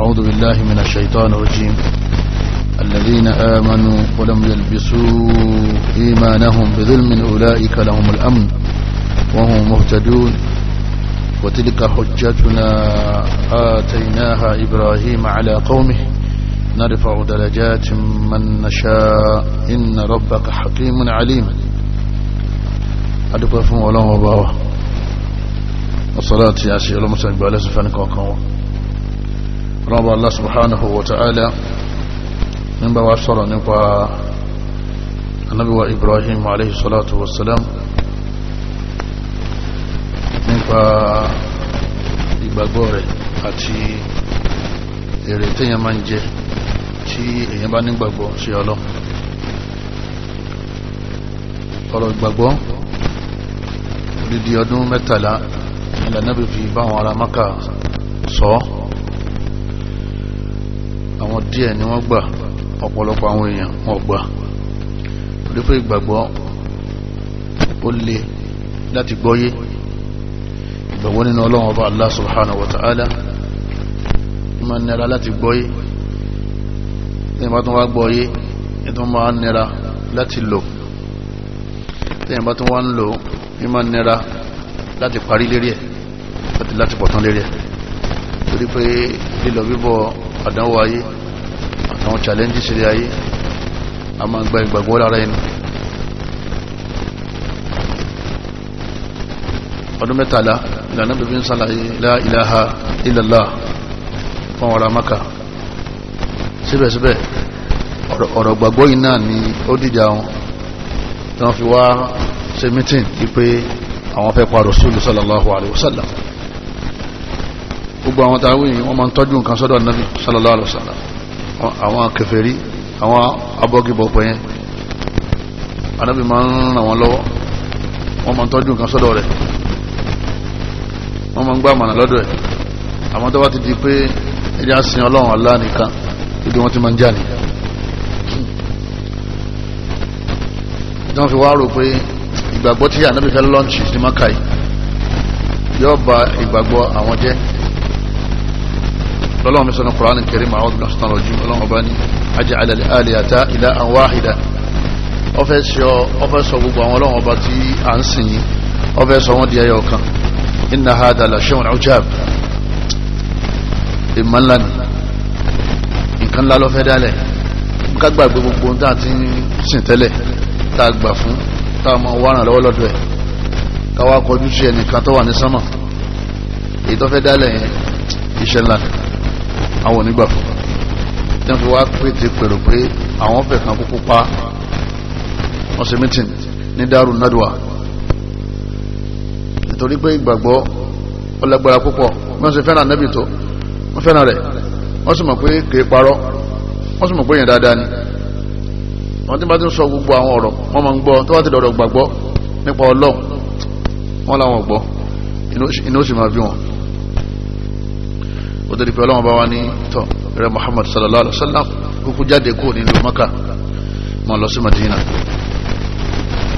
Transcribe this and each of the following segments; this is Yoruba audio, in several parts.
أعوذ بالله من الشيطان الرجيم الذين آمنوا ولم يلبسوا إيمانهم بظلم أولئك لهم الأمن وهم مهتدون وتلك حجتنا آتيناها إبراهيم على قومه نرفع درجات من نشاء إن ربك حكيم عليم أدقى فهم ولهم وباوة والصلاة يا سيئ الله مسعب على سفانك rọ́bà Allah subhanahu wa ta'ala nígbà wa sọ̀rọ̀ nípa anábíwa Ibrahim alayhi salatu wassalam nípa ìgbàgbọ́ rẹ̀ àti èrè tẹ́yàn máa ń jẹ tí èyàn bá nígbàgbọ́ sí ọlọ́ ọ̀rọ̀ ìgbàgbọ́ odidi ọdún mẹ́tàlá ìlànà bí fi báwọn ará Mákà sọ ọ́ àwọn díẹ̀ ni wọ́n gbà ọ̀pọ̀lọpọ̀ àwọn èèyàn wọn gbà torí pé ìgbàgbọ́ ó le láti gbọ́yé ìgbàgbọ́ nínú ọlọ́run ọba Allah subhanahu wa ta'ala ma nira láti gbọ́yé tẹ́yìn bá tún wá gbọ́yé ìtún ma nira láti lò tẹ́yìn bá tún wá ń lò ìmá nira láti parí lérí ẹ̀ láti láti pọ̀tán lérí ẹ̀ àwọn challenges ilé ayé a máa gba ìgbàgbọ́ lára ẹni ọdún mẹ́tàlá ìlànà bíbí ń sàlàyé la ilaha illallah fún ọ̀rọ̀ amaka síbẹ̀síbẹ̀ ọ̀rọ̀ gbàgbọ́ yìí náà ni ó dìjà wọn tí wọ́n fi wá ṣe mítìn wípé àwọn fẹ́ pa Rasulu sallallahu alaihi wasallam gbogbo àwọn tàwí wọ́n máa ń tọ́jú nǹkan sọ́dọ̀ Nabi sallallahu alaihi àwọn kèfèrí àwọn abọ́gibọ̀pọ̀ yẹn anábì máa ń ràn wọ́n lọ́wọ́ wọ́n máa ń tọ́jú nǹkan sọ́dọ̀ rẹ̀ wọ́n máa ń gbá àmàlà lọ́dọ̀ ẹ̀ àmọ́ tó bá ti di pé ẹjẹ́ sin ọlọ́run Allah nìkan ibi wọ́n ti máa ń jà ní. wọ́n fi wá rò pé ìgbàgbọ́ tí anábì fẹ́ lọ́ọ̀nchì sí mákàí yóò ba ìgbàgbọ́ àwọn jẹ́ lọ́lọ́wọ́n mi sọ ní Qur'an Karim àwọn ọdún ṣetán rọ̀jù ọlọ́wọ́n ọba ní ajé alẹ́ aliyata ilá àwọn wáhìdá ọfẹ́ sọ gbogbo àwọn ọlọ́wọ́n ọba tí a ń sìn yìí ọfẹ́ sọ wọ́n di ẹyọ kan inna hada la shay'un ujab ìmọ̀lá ni nǹkan ńlá lọ́fẹ́ dálẹ̀ ká gbàgbé gbogbo tá a ti ń sìn tẹ́lẹ̀ tá a gbà fún tá a máa wá ràn lọ́wọ́ lọ́dọ̀ ẹ̀ ká wá kọjú sí ẹnìkan tó wà ní sánmà èyí tó fẹ́ dálẹ̀ yẹn iṣẹ́ ńlá ni àwọn onígbà fún un tí wọ́n fi wá pé ti pèrò pé àwọn fẹ̀ kan kúkú pa wọ́n ṣe mítìn ní Darun Nadwa nítorí pé ìgbàgbọ́ ọlẹ́gbàra púpọ̀ wọ́n ṣe fẹ́ràn nẹ́bì tó wọ́n fẹ́ràn rẹ̀ wọ́n sì mọ̀ pé kèé parọ́ wọ́n sì mọ̀ pé yẹn dáadáa ni wọ́n tí bá ti ń sọ gbogbo àwọn ọ̀rọ̀ wọ́n máa ń gbọ́ tó bá ti dọ̀dọ̀ gbàgbọ́ nípa Ọlọ́run wọ́n làwọn gbọ́ inú sì máa bí wọn ó tó di pé ọlọ́wọ́n bá wá ní tọ́ rẹ Muhammad sallallahu alaihi wa sallam kúkú jáde kúrò nínú Maka mọ́ lọ sí Madina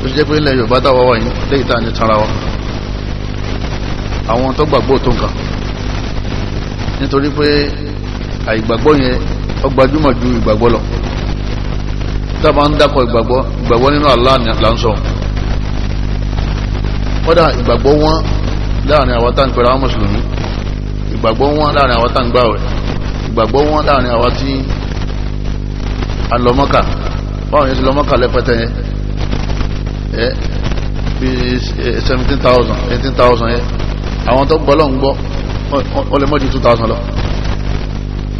ó ti jẹ́ pé ilẹ̀ Yorùbá dáwọ́ wáyé léyìí tá à ń tanra wa àwọn tó gbàgbọ́ tó nǹkan nítorí pé àìgbàgbọ́ yẹn ó gbajúmọ̀ ju ìgbàgbọ́ lọ tábà ń dákọ̀ ìgbàgbọ́ ìgbàgbọ́ wọn láàrin àwa tá ń gbà rẹ̀ ìgbàgbọ́ wọn láàrin àwa tí a lọ mọ́kà báwọn yẹn ti lọ mọ́kà lẹ́pẹ́tẹ́ yẹn ẹ bí seventeen thousand eighteen thousand yẹn àwọn tó gbọ́ lọ́n gbọ́ ó lè mọ́ two thousand lọ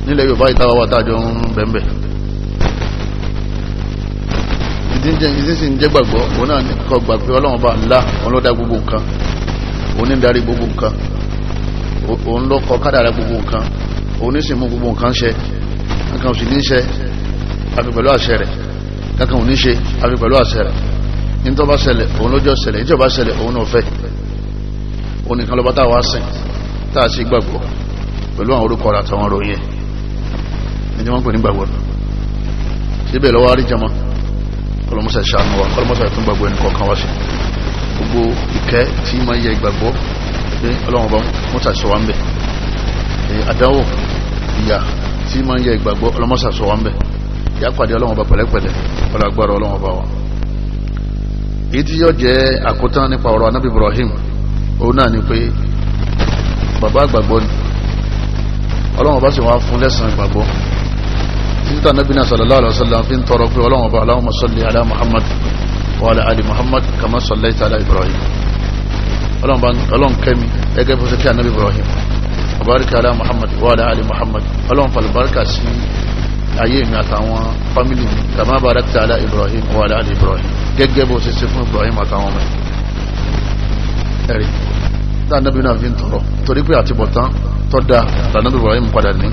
nílẹ̀ Yorùbá ìtawà wà tájọ ń bẹ̀m̀bẹ̀ ìdínsì ń jẹ́ gbàgbọ́ òun náà kọ gbàgbé Ọlọ́run bá ńlá òun ló dá gbogbo nǹkan òun ní darí gbogbo nǹkan òun ló kọ kádàrá gbogbo nǹkan òun ní sì mú gbogbo nǹkan ṣe kankan ò sì ní ṣe àfi pẹ̀lú àṣẹ rẹ̀ kankan ò ní ṣe àfi pẹ̀lú àṣẹ rẹ̀ nítorí bá ṣẹlẹ̀ òun lójó ṣẹlẹ̀ nítorí bá ṣẹlẹ̀ òun náà fẹ́ òun nìkan lọ́ba táwa sìn táà sí gbàgbọ́ pẹ̀lú àwọn orúkọ rẹ̀ àtàwọn ròyìn ẹ̀ ní wọ́n pè ní gbàgbọ́ síbẹ̀ lọ́wọ́ àríjàmọ́ kọlọmọsẹ̀ ṣàánú wa kọlọmọsẹ̀ tún gbàgbọ́ ẹnì kọ̀ọ̀kan wá sí gbogbo ìkẹ́ tí máa yẹ ìgbàgbọ́ ọlọ́run ọba mọ́sàsọ wa ń bẹ̀ àdánwò ìyà tí máa ń yẹ ìgbàgbọ́ ọlọ́mọ́sàsọ wa ń bẹ̀ yà pàdé ọlọ́run ọba pẹ̀lẹ́pẹ̀lẹ́ ọlọ́gbọ́rọ̀ ọlọ́run ọba wa èyí tí yóò jẹ́ àkótán nípa ọ̀rọ̀ anábì Ibrahim òun náà ni pé bàbá àgbàgbọ́ ni ọlọ́run ọba sì wá fún lẹ́sàn ìgbàgbọ́ títà anábì náà sallallahu alaihi wasallam fi ń tọrọ pé ọlọ́run ọba Allahumma salli ala Muhammad wa ala ali Muhammad kama sallaita ala Ibrahim ọlọ́run kẹ́mi gẹ́gẹ́ bó ṣe kí anabi ibrahim abarika ala muhammad wa ala ali muhammad ọlọ́run falibarika sí ayé mi àtàwọn fámìlì mi kàmá barakta ala ibrahim wa ala ali ibrahim gẹ́gẹ́ bó ṣe ṣe fún ibrahim àtàwọn ọmọ ẹ̀rí lánàbí náà fi ń tọrọ torí pé àtibọ̀tán tó da lánàbí ibrahim padà ní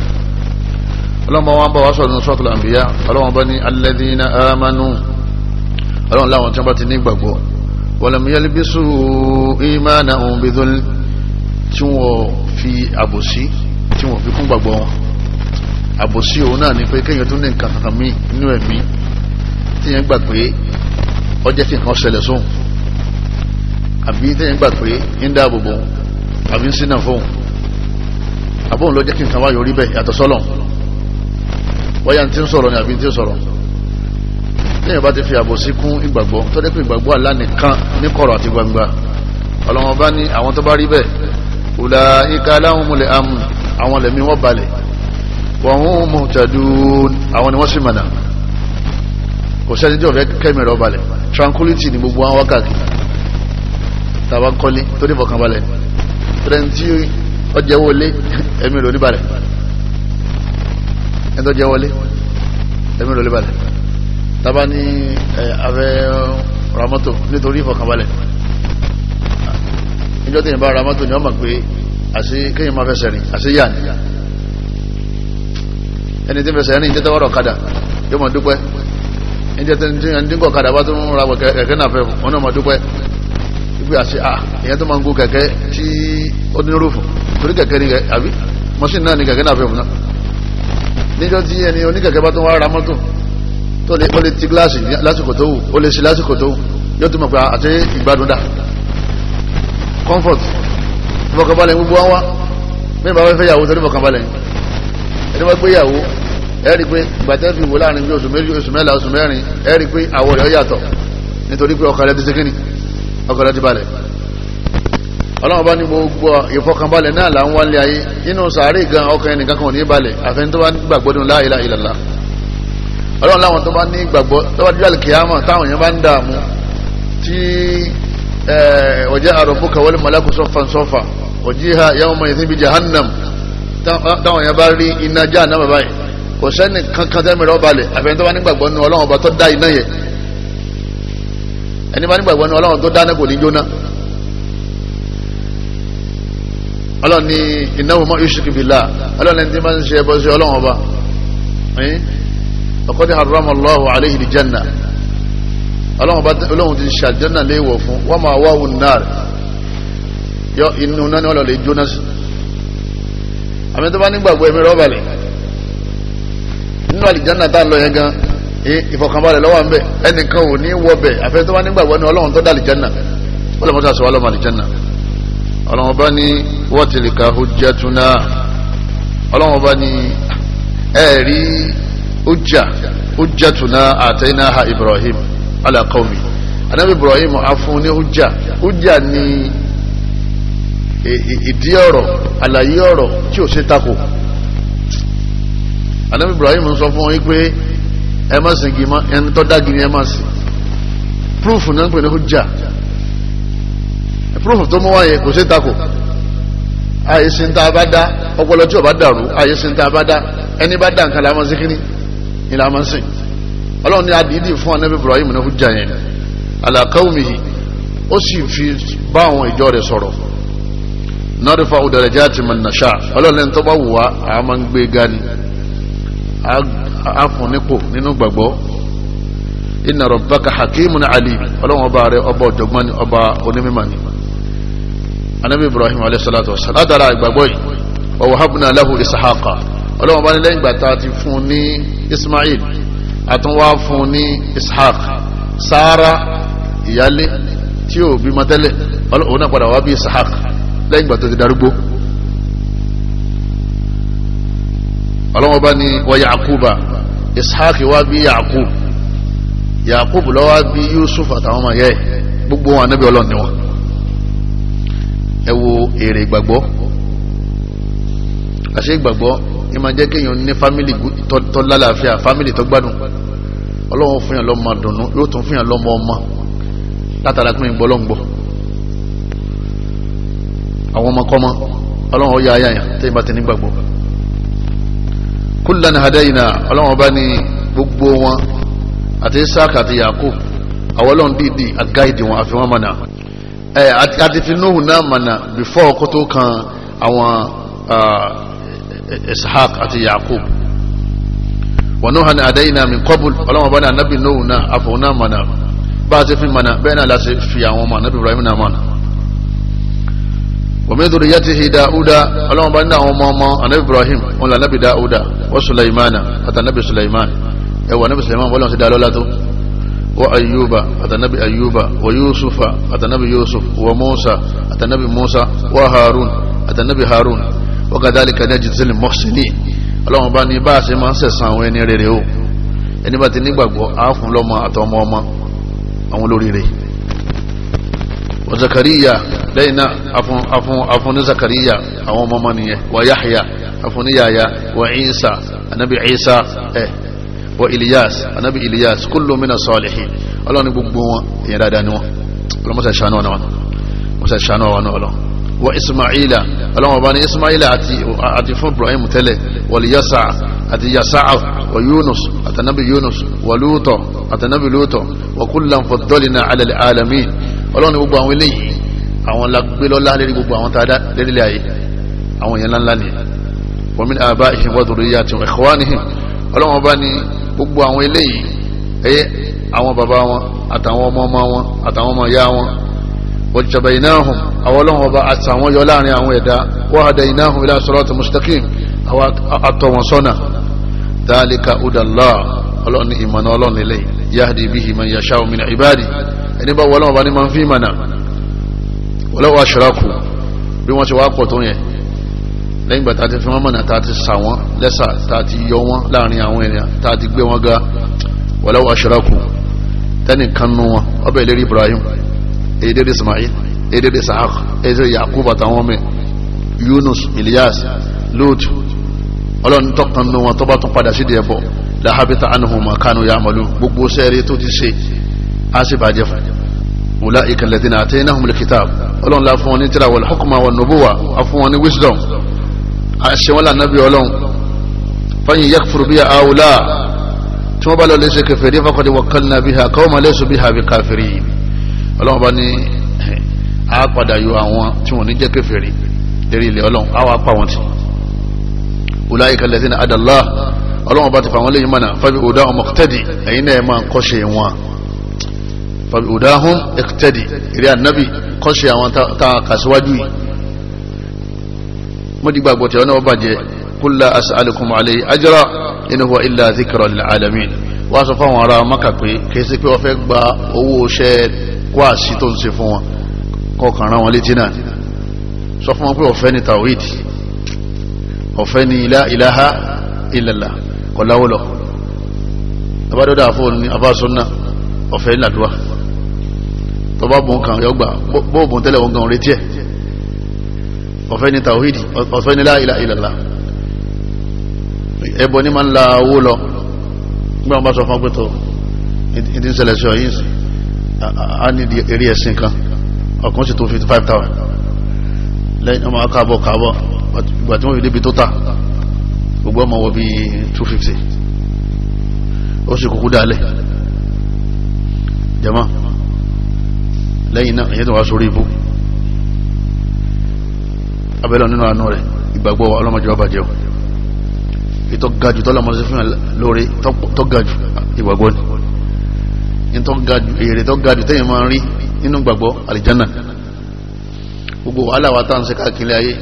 ọlọ́mọ wọn bá wá sọ̀rọ̀ nínú sọ́ọ̀tù làǹbíyá ọlọ́wọ́n bá ní alladhina amanu ọlọ́run láwọn tí wọ́n bá ti ní ìgbàgbọ́ wọlọm yẹlibisu imana ohun bidol tí wọn fi àbòsí tí wọn fi kún gbàgbọ́ wọn àbòsí òun náà ni pé kéèyàn tún ní nǹkan kankan míì nínú ẹ̀mí téèyàn gbà pé ọjọ́ kí nǹkan ṣẹlẹ̀ sóhun àbí téèyàn gbà pé ń dáàbò bò òun àbí ń sínà fóun àbóhùn lọ́jọ́ kí nǹkan wáyọ̀ rí bẹ́ẹ̀ yàtọ̀ sọ́lọ̀ téèyàn bá ti fi àbòsí kún ìgbàgbọ́ tó dé pé ìgbàgbọ́ Allah nìkan ní kọ̀rọ̀ àti gbangba ọlọ́wọ́n bá ní àwọn tó bá rí bẹ́ẹ̀ ulaika lahumul amn àwọn lẹ́mí wọ́n balẹ̀ wa hum muhtadun àwọn ni wọ́n sì mọ̀nà kò sẹ́ni tí ọ̀fẹ́ kẹ́mi rẹ̀ balẹ̀ tranquility ni gbogbo àwọn wákàtí tàbá kọ́lé tó ní fọkàn balẹ̀ tẹ̀rẹ̀ntì ọjẹ́ taba ní abẹ́ ramato nítorí ìfọ̀kànbalẹ̀ níjọ́ tí ìbá ramato ni wọ́n mọ̀ pé àṣí kéyìn máa fẹsẹ̀ rìn àṣí yà ní ẹni tí fẹsẹ̀ rìn tẹ́tẹ́ wọ́rọ̀ kadà yóò mọ̀ dúpẹ́ ẹni tí ń dínkọ̀ kadà bá tó ń ra kẹ̀kẹ́ náà fẹ́ wọn náà mọ̀ dúpẹ́ wípé àṣí à ìyẹn tó máa ń ni àbí mọ́ṣín náà ni kẹ̀kẹ́ ẹni oníkẹ̀kẹ́ bá tó wá ra tó lè ó lè ti gíláàsì lásìkò tó wù ó lè ṣe lásìkò tó wù yóò tún mọ̀ pé àti ìgbádùn dà comfort ìfọkànbalẹ̀ gbogbo wa wá bí bàbá fẹ́ yàwó torí ìfọkànbalẹ̀ ẹni wọ́n gbé yàwó ẹ rí i pé ìgbàtẹ́ fi wò láàrin bí oṣù méjì oṣù mẹ́la oṣù mẹ́rin ẹ rí i pé àwọ̀ rẹ̀ yàtọ̀ nítorí pé ọkàn rẹ̀ ti sékìnì ọkàn rẹ̀ ti balẹ̀ ọlọ́run bá ní gbogbo ìfọkànbalẹ̀ náà là ń wá lé ayé inú sàárè gan ọkàn ẹnìkan kan ò ní balẹ̀ àfẹnitọ́ bá gbàgbọ́dún la ilaha illallah ọlọ́run láwọn tó bá ní ìgbàgbọ́ tó bá dídàlì kìámà táwọn èèyàn bá ń dààmú tí ọjọ́ àròbùkà wọlé mọ̀lẹ́kù sọ́fà sọ́fà ọjíhà yawma ìdí bíi jahannam táwọn èèyàn bá rí iná já náà bàbá yìí kò sẹ́ni kankan tẹ́mi rọ́ balẹ̀ àfẹ́ni tó bá nígbàgbọ́ nu ọlọ́run ọba tó dá iná yẹ ẹni bá nígbàgbọ́ nu ọlọ́run tó dáná kò ní jóná ọlọ́run ní innahu man yushrik billah ọlọ́run ẹni tí máa ń ṣe ẹbọ sí ọlọ́run ọba ọ̀kọ́dé harama Allahu alayhi di janna ọlọ́run ti ṣàjọ́nà léèwọ̀ fún wọ́n máa wá òun náà yọ inú náà ni wọ́n lọ lè jóná sí àmì tó bá nígbàgbọ́ ẹ̀mí rọ́bàlẹ̀ nínú àlìjánà tá a lọ yẹn gan ìfọkànbalẹ̀ lọ́wọ́ nbẹ ẹnìkan ò ní wọ bẹ àfẹ́ tó bá nígbàgbọ́ ní ọlọ́run tó dá àlìjánà ó lè mọ́tò àṣọwọ́ lọ́mọ àlìjánà ọlọ́run bá ní wọ́n ti lè ka hujjatuna ọlọ́run bá ní ẹ̀ẹ́rí ujja ujjatuna atainaha ibrahim ala qaumi anabi ibrahim afun ni ujja ujja ni ìdí ọ̀rọ̀ àlàyé ọ̀rọ̀ tí ò ṣe tako anabi ibrahim sọ fún wọn pé ẹ má sìn kí ẹni tó dági ni ẹ má sìn proof náà ń pè ní ujja proof tó mú wáyé kò ṣe tako àyè sin tá a bá dá ọpọlọ tí ò bá dàrú àyè sin tá a bá dá ẹni bá dá nǹkan làwọn sí ìlà máa ń sìn ọlọ́run ní adìdí fún anabi ibrahim náà hujja yẹn ala qawmihi ó sì fi bá àwọn ìjọ rẹ̀ sọ̀rọ̀ narfa'u darajati man nasha ọlọ́run lẹ́nu tó bá wù wá a máa ń gbé gani a fún nípò nínú gbàgbọ́ inna rabbaka hakimun alim ọlọ́run ọba rẹ̀ ọba ọ̀jọ̀gbọ́n ni ọba onímọ̀ ni anabi ibrahim alayhi salatu wa salam látara ìgbàgbọ́ yìí wa wahabna lahu ishaqa ọlọ́wọ́n bá ní lẹ́yìn ìgbà tá a ti fún un ní Ismail àtúnwá fún un ní Ishaq Sara ìyálé tí ò bímọ tẹ́lẹ̀ òun náà padà wá bí Ishaq lẹ́yìn ìgbà tó ti darúgbó ọlọ́wọ́n bá ní wá Yakuba Ishaq wá bí Yakub Yakub lọ́wọ́ bí Yusuf àtàwọn ọmọ yẹ gbogbo wọn anábì ọlọ́ọ̀ni wọn ẹ wo èrè ìgbàgbọ́ àṣẹ ìgbàgbọ́ ní máa jẹ́ kéèyàn ní fámìlì tó lálàáfíà fámìlì tó gbádùn ọlọ́run fún yàn lọ́mọ dùnú yóò tún fún yàn lọ́mọ ọmọ látara pín ìgbọ́ lọ́ngbọ́ àwọn ọmọkọ́mọ ọlọ́run ọ̀yà ayà yàn tẹ́yìn bá ti ní gbàgbọ́ kullan hadayna ọlọ́run ọba ní gbogbo wọn àti Isaac àti Yakub àwọn ọlọ́run dìídì àgáìdì wọn àfi wọn mọ̀nà ẹ̀ àti fi Nuhu náà mọ̀nà before kótó kan ah, ishaq àti yaqub wa nuhan adayna min qabl ọlọ́wọ́n bá ní anabi nuhu náà àfọwọ́nà mọ̀nà bá a ti fi mọ̀nà bẹ́ẹ̀ náà láti fi àwọn ọmọ anabi ibrahim náà mọ̀nà wa min dhurriyyatihi dáúdà ọlọ́wọ́n bá ní àwọn ọmọ ọmọ anabi ibrahim wọn là anabi dáúdà wa sulaimana àti anabi sulaiman ẹwà anabi sulaiman bọ́lá ti dá lọ́lá tó wa ayyuba atanabi ayyuba wa yusufa atanabi yusuf wa musa atanabi musa wa harun atanabi harun wakadhalika najzil muhsinin ọlọ́run bá ní bá a ṣe máa ń sẹ̀sán àwọn ẹni rere o ẹni bá ti nígbàgbọ́ àáfún lọ́mọ àtọmọ ọmọ àwọn olóríire wa zakariya lẹ́yìn náà afun afun ní zakariya àwọn ọmọ ọmọ nìyẹn wa yahya afun ní yahya wa isa anabi isa ẹ wa ilyas anabi ilyas kullu mina ọlọ́run gbogbo wọn èèyàn dáadáa ni wọn ọlọ́run mọ́sá ṣàánú ọ̀nà wọn mọ́sá ṣàánú ọ̀nà ọlọ́run wa ismaila ọlọ́wọ́n bá ní ismaila àti àti fún ibrahim tẹ́lẹ̀ wàlí yasa àti yasa wa yunus àtànábì yunus wa lútọ̀ àtànábì lútọ̀ wa kullan faddalna ala alamin ọlọ́wọ́n ní gbogbo àwọn eléyìí àwọn lagbélọ́lá lérí gbogbo àwọn tàdá lérílẹ̀ ayé àwọn yẹn ńláńlá ni wa min abaihim wa dhurriyyatihim wa ikhwanihim ọlọ́wọ́n bá ní wajjabaynahum àwọn ọlọ́run ọba àtàwọn yọ láàrin àwọn ẹ̀dá wa hadaynahum ila sirati mustaqim àwọn àtọ̀ wọn sọ́nà dhalika udallah ọlọ́run ìmọ̀nà ọlọ́run ilé yahdi bihi man yasha'u min ibadi ẹni bá wọlọ́run ọba ní máa ń fi ìmọ̀nà wọlọ́wọ́ ashraku bí wọ́n ti wá pọ̀ tó yẹn lẹ́yìn gbà tá ti fi wọ́n mọ̀nà tá ti sà wọ́n lẹ́sà tá ti yọ wọ́n láàrin àwọn ènìyàn tá ti gbé wọn ga wọlọ́wọ́ ashraku tẹ́nìkan nu wọn ọbẹ̀ ìlérí Ibrahim èdèrè Ismail èdèrè Isaac èdèrè Yakub àtàwọn ọmọ Yunus Ilyas Lut ọlọ́run tọkàn nù wọn tó bá tún padà sídìí ẹ̀bọ làhábìtà ànàhùn màkánù ya'malu gbogbo sẹ́ẹ̀rì tó ti ṣe á sì bàjẹ́ fún wùlá ìkàlẹ̀dínà àtẹ́yìnàhùn lẹ́kìtà la fún wọn ní tíra wal hukma wan nubuwa a wọn ní wisdom a ṣe wọn lànà bí ọlọ́run fáyìn yakfuru biha àwùlá tí wọ́n bá lọ lè ṣe kẹfẹ́rí faqad wakkalna biha qawman laysu biha bi kafirin ọlọ́run bá ní a padà yọ àwọn tí wọ́n ní jẹ́ kèfèrí lérí ilẹ̀ ọlọ́run a wá pa wọn tì wùláyé kalẹ̀ sí ní adàlá ọlọ́run bá ti fà wọ́n lẹ́yìn mọ́nà fàbí òdà ọmọ tẹ́dì ẹ̀yin náà máa kọ́ṣe wọn fàbí òdà ọhún tẹ́dì eré ànábì kọ́ṣe àwọn tá a kà síwájú yìí mo di gbàgbọ́ tí ọ̀nà ọba jẹ kúlá asàlùkùn alayhi ajra in huwa illa dhikra lil alamin sọ fáwọn ará maka pé kèsì pé wọ́n fẹ́ gba owó iṣẹ́ kó àṣì tó ń ṣe fún wọn kọkàn rán wọn létí náà sọ fún wọn pé ọ̀fẹ́ ni tawhid ọ̀fẹ́ ni la ilaha illallah kọláwọlọ abádọ́dá àfọ́n ni abáṣọ́nà ọ̀fẹ́ ní àdúrà tọba bùn kan yọgbà bóòbùn tẹ́lẹ̀ wọn gan retí ẹ̀ ọ̀fẹ́ ni tawhid ọ̀fẹ́ ni la ilaha illallah ẹbọ ní ma ń la owó lọ gbọ́n bá sọ fún ọgbẹ́tọ̀ ìdí ń ṣẹlẹ̀ sí ọ̀yìn sí a ní eré ẹ̀sìn kan ọkùnrin sì tó 55,000 lẹ́yìn ọmọ akábọ̀ kábọ̀ ìgbà tí wọ́n fi débi tó tà gbogbo ọmọ wọ bí 250 ó sì kúkú dálẹ̀ jẹ́mọ́ lẹ́yìn náà èyí tó wá sórí ibú abẹ́lọ nínú àánú rẹ̀ ìgbàgbọ́ ọlọ́mọdé wà bàjẹ́ ìtọ́gájú tọ́lọ́mọdé fún lórí tọ́gájú ìgbàgbọ́ ni èrè tó ga jù tẹ́yìn máa rí nínú gbàgbọ́ àlìjánà gbogbo wàhálà wa táà ń ṣe káàkiri ayé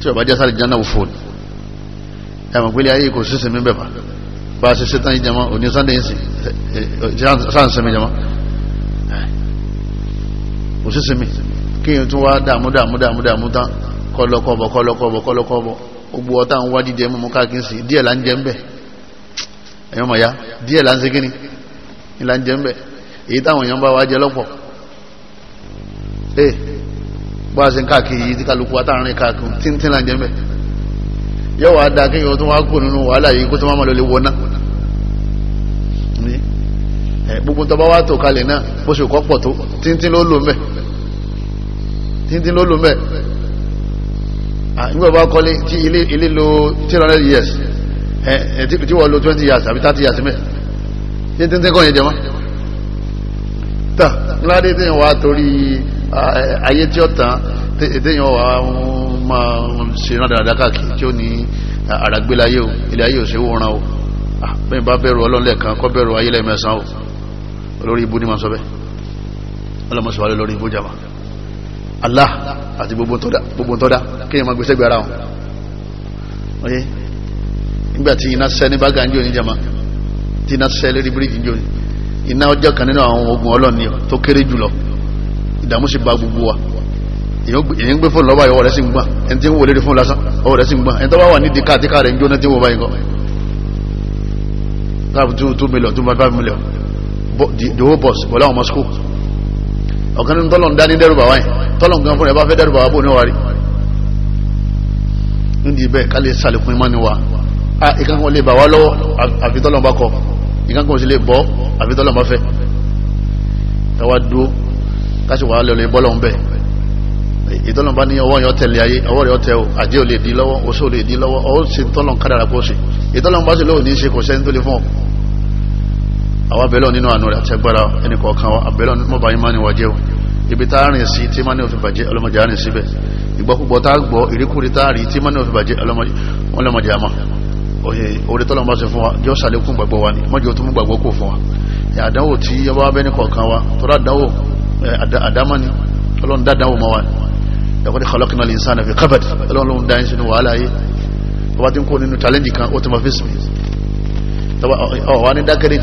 tí ọba jẹ́sà àlìjánà òfò ní ẹ̀mọ̀ pílẹ̀ ayé kò sí sinmi bẹ̀bà bá a ṣe ṣe tán ìjẹmọ́ òní sunday sáà ń sinmi jẹmọ́ kò sí sinmi kí n tún wá dààmú dààmú dààmú dààmú tán kọlọkọbọ kọlọkọbọ kọlọkọbọ gbogbo ọ̀tá ń wá jíjẹ ẹ̀yọ́ mọ̀ ya díẹ̀ là ń ṣe kíni ìlà ń jẹ ń bẹ̀ èyí táwọn èèyàn bá wá jẹ lọ́pọ̀ ee bó a ṣe ń káàkiri yìí tí kálukú àtàrin káàkiri tíntín là ń jẹ ń bẹ̀ yóò wá da kéèyàn tó wá kó nínú wàhálà yìí kó tó máa lọ lè wọ náà gbogbo tó bá wá tó kalẹ̀ náà bó ṣe kọ́ pọ̀ tó tíntín ló lò ń bẹ̀ tíntín ló lò ń bẹ̀ nígbà bá kọ́lé tí ilé lo three hundred years tí wọ́n lo twenty years àbí thirty years mẹ́ẹ̀ ṣé tẹ́ntẹ́ kọ́ yẹn jẹ mọ́ tán ńláde téèyàn wá torí ayé tí ó tán téèyàn wá máa ṣe rán dáadáa káàkiri tí ó ní àràgbélayé o ilé ayé ò ṣe wó ran o bẹ́ẹ̀ bá bẹ̀rù ọlọ́lẹ́kan kọ́ bẹ̀rù ayé lẹ́ẹ̀mẹ́sàn o olórí ibú ni máa sọ bẹ́ẹ̀ ọlọ́mọṣọ́wá lórí ibú jama Allah àti gbogbo ntọ́dá kéèyàn máa gbèsè gbé ara nígbà tí iná sẹ́ni bá gàǹjì òní jama Tina iná ṣiṣẹ́ lérí bíríìjì jóni iná ọjọ́ kan nínú àwọn ogun ọlọ́ni tó kéré jùlọ ìdààmú sì ba gbogbo wa èyí ń gbé fóònù lọ́wọ́ ìwọ rẹ̀ sì ń gbà ẹni tí ń wọlé fóònù lásán ọwọ́ rẹ̀ sì ń gbà ẹni tó bá wà nídìí káàtí káà rẹ̀ ń jóná tí wọ́n bá yín kọ́ láàbù two two million two point five million the whole bus bọ̀lá àwọn ọmọ school ọ̀kan nínú tọ́lọ̀ ń dání dẹ́rù bàwá yẹn tọ́lọ̀ nǹkan fún ẹ bá fẹ́ dẹ́rù bàwá bò ní wàrí nídìí bẹ́ẹ̀ ká lè sàlẹ̀kùn ìmọ̀ ni wa ìkan wọlé bàwá lọ́wọ́ àfi tọ́lọ̀ bá kọ́ nǹkan kan sí lè bọ́ àfi tọ́lọ̀ bá fẹ́ káwá dúó káṣí wàá lọ́lẹ̀ bọ́ lọ́hún bẹ́ẹ̀ ìtọ́lọ̀ bá ní ọwọ́ yẹn tẹ̀lé ayé ọwọ́ rẹ̀ tẹ o àjẹ́ ò lè di lọ́wọ́ oṣó ò lè di lọ́wọ́ ọ̀ ṣe tọ́lọ̀ kádàrà kó ṣe ìtọ́lọ̀ bá sì lóò ní ṣe kò sẹ́ni tó lè fún ọ. àwa bẹ̀lọ̀ nínú àánú rẹ̀ àtẹ́gbára ẹnì kọ̀ọ̀kan wa àbẹ̀lọ̀ mọ̀bá yín máa ní wàjẹ́ o ibi tá a rìn sí tí máa ní òfin bàjẹ́ ọlọ́mọdé á rìn síbẹ̀ ìgbọ́kúgbọ́ tá a gbọ́ ìríkúri tá a rí tí máa ní òfin bàjẹ́ ọlọ́mọdé á oye orí tọ́lọ́mọ́ ṣe fún wa yóò ṣàlékún gbàgbọ́ wa ni mọ́jọ́ tó mú gbàgbọ́ kò fún wa àdánwò tí yọba wá bẹ́ni kọ̀ọ̀kan wa tọ́lá àdánwò àdámání ọlọ́run dáadáwò ma wa ni ẹ̀kọ́ ni kọlọ́kìnà lè sáà nàfi kábàd ọlọ́run dáa sínú wàhálà yìí tó bá ti ń kó nínú challenge kan ó ti ma fi sùn ọ̀wá ní dákẹ́rẹ́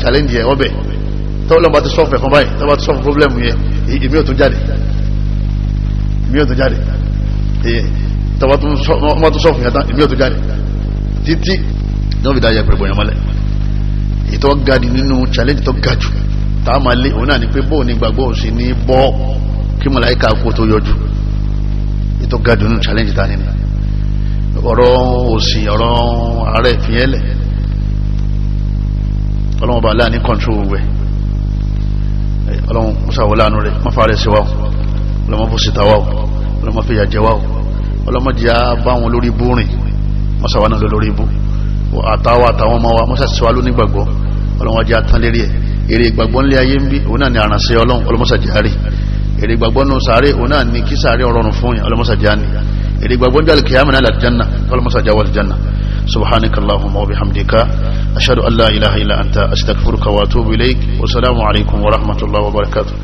títí ní wọ́n fi dáyà pẹ̀lú ìyàn mọ́lẹ̀ èyí ga di nínú challenge tó ga jù tá a máa lé òun náà ni pé bóun ní gbàgbọ́ òun sì ní bọ́ kí màláíkà kó tó yọjú èyí ga jù nínú challenge tá a nínú ọ̀rọ̀ òsì ọ̀rọ̀ ààrẹ ìfìyẹ́lẹ̀ ọlọ́run ọba aláàní control wẹ̀ ọlọ́run mọ́sàwọ́ láàánú rẹ̀ má fàárẹ̀ sí wa o ọlọ́mọ fò síta wa o ọlọ́mọ fìyà jẹ wa o ọlọ́mọ jẹ́ bá lórí bú rìn mọ́sàwọ́ náà lórí bú àtàwọn àtàwọn ọmọ wa mọ́sá síwá ló nígbàgbọ́ ọlọ́wọ́n jẹ́ atán lérí ẹ̀ èrè ìgbàgbọ́ ńlẹ̀ ayé ń bí òun náà ni àrànṣẹ́ ọlọ́run ọlọ́mọ́sá jẹ́ àárẹ̀ èrè ìgbàgbọ́ nù sàárẹ̀ òun ni kí sàárẹ̀ ọrọ̀run fún yẹn ọlọ́mọ́sá jẹ́ àní èrè ìgbàgbọ́ ń dàlùkẹ́ àmì náà làjánà ọlọ́mọ́sá jẹ́ wàlì jánà سبحانك اللهم وبحمدك أشهد أن لا إله إلا أنت أستغفرك وأتوب